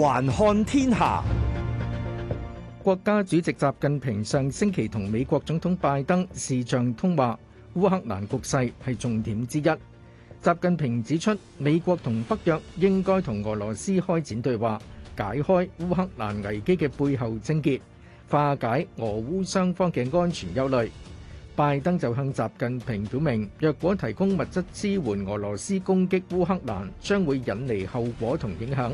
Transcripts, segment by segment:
環看天下，國家主席習近平上星期同美國總統拜登視像通話，烏克蘭局勢係重點之一。習近平指出，美國同北約應該同俄羅斯開展對話，解開烏克蘭危機嘅背後症結，化解俄烏雙方嘅安全憂慮。拜登就向習近平表明，若果提供物質支援俄羅斯攻擊烏克蘭，將會引嚟後果同影響。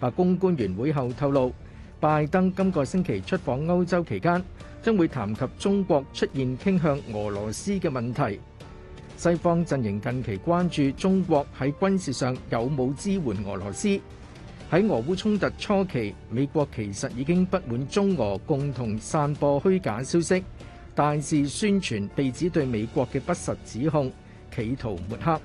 白宮官員會後透露，拜登今個星期出訪歐洲期間，將會談及中國出現傾向俄羅斯嘅問題。西方陣營近期關注中國喺軍事上有冇支援俄羅斯。喺俄烏衝突初期，美國其實已經不滿中俄共同散播虛假消息，大肆宣傳，被指對美國嘅不實指控，企圖抹黑。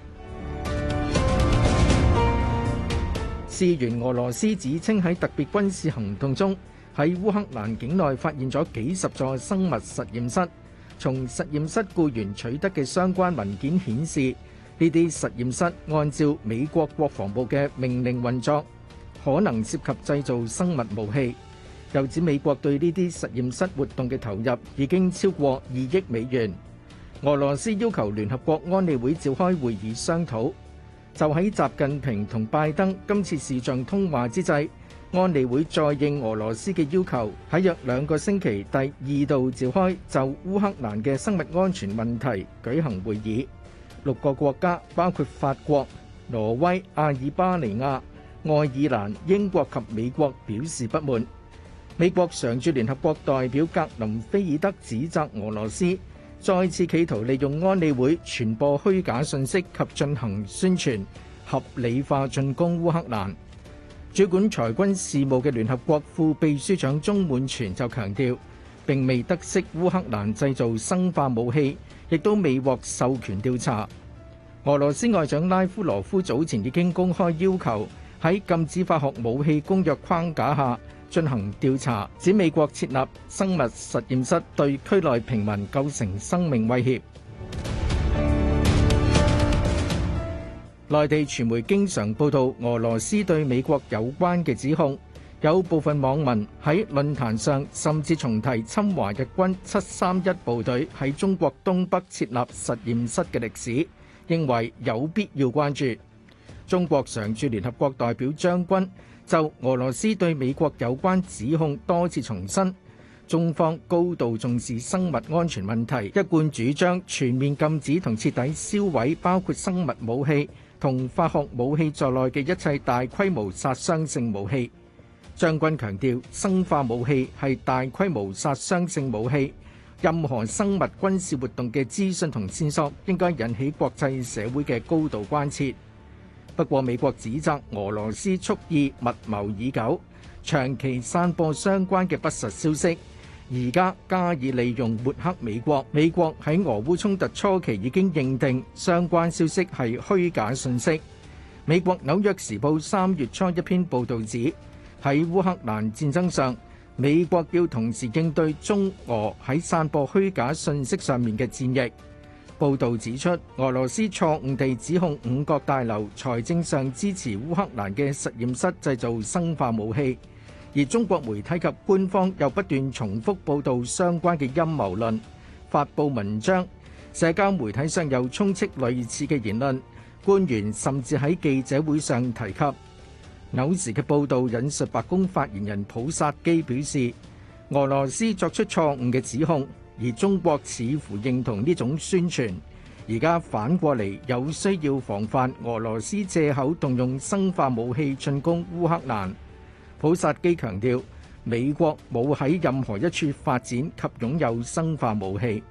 事源俄羅斯指稱喺特別軍事行動中，喺烏克蘭境內發現咗幾十座生物實驗室，從實驗室雇員取得嘅相關文件顯示，呢啲實驗室按照美國國防部嘅命令運作，可能涉及製造生物武器。又指美國對呢啲實驗室活動嘅投入已經超過二億美元。俄羅斯要求聯合國安理會召開會議商討。就喺習近平同拜登今次視像通話之際，安理會再應俄羅斯嘅要求，喺約兩個星期第二度召開就烏克蘭嘅生物安全問題舉行會議。六個國家包括法國、挪威、阿爾巴尼亞、愛爾蘭、英國及美國表示不滿。美國常駐聯合國代表格林菲爾德指責俄羅斯。再次企圖利用安理會傳播虛假信息及進行宣傳，合理化進攻烏克蘭。主管裁軍事務嘅聯合國副秘書長中滿全就強調，並未得悉烏克蘭製造生化武器，亦都未獲授權調查。俄羅斯外長拉夫羅夫早前已經公開要求，喺禁止化學武器公約框架下，進行調查，指美國設立生物實驗室對區內平民構成生命威脅。 內地傳媒經常報道俄羅斯對美國有關嘅指控，有部分網民喺論壇上甚至重提侵華日軍七三一部隊喺中國東北設立實驗室嘅歷史，認為有必要關注。中國常駐聯合國代表張軍就俄羅斯對美國有關指控多次重申，中方高度重視生物安全問題，一貫主張全面禁止同徹底銷毀包括生物武器同化學武器在內嘅一切大規模殺傷性武器。張軍強調，生化武器係大規模殺傷性武器，任何生物軍事活動嘅資訊同線索應該引起國際社會嘅高度關切。不過，美國指責俄羅斯蓄意密謀已久，長期散播相關嘅不實消息，而家加以利用抹黑美國。美國喺俄烏衝突初期已經認定相關消息係虛假信息。美國《紐約時報》三月初一篇報導指，喺烏克蘭戰爭上，美國要同時應對中俄喺散播虛假信息上面嘅戰役。報道指出，俄羅斯錯誤地指控五角大樓財政上支持烏克蘭嘅實驗室製造生化武器，而中國媒體及官方又不斷重複報道相關嘅陰謀論，發布文章，社交媒體上又充斥類似嘅言論。官員甚至喺記者會上提及，偶時嘅報道引述白宮發言人普薩基表示，俄羅斯作出錯誤嘅指控。而中國似乎認同呢種宣傳，而家反過嚟有需要防範俄羅斯藉口動用生化武器進攻烏克蘭。普薩基強調，美國冇喺任何一處發展及擁有生化武器。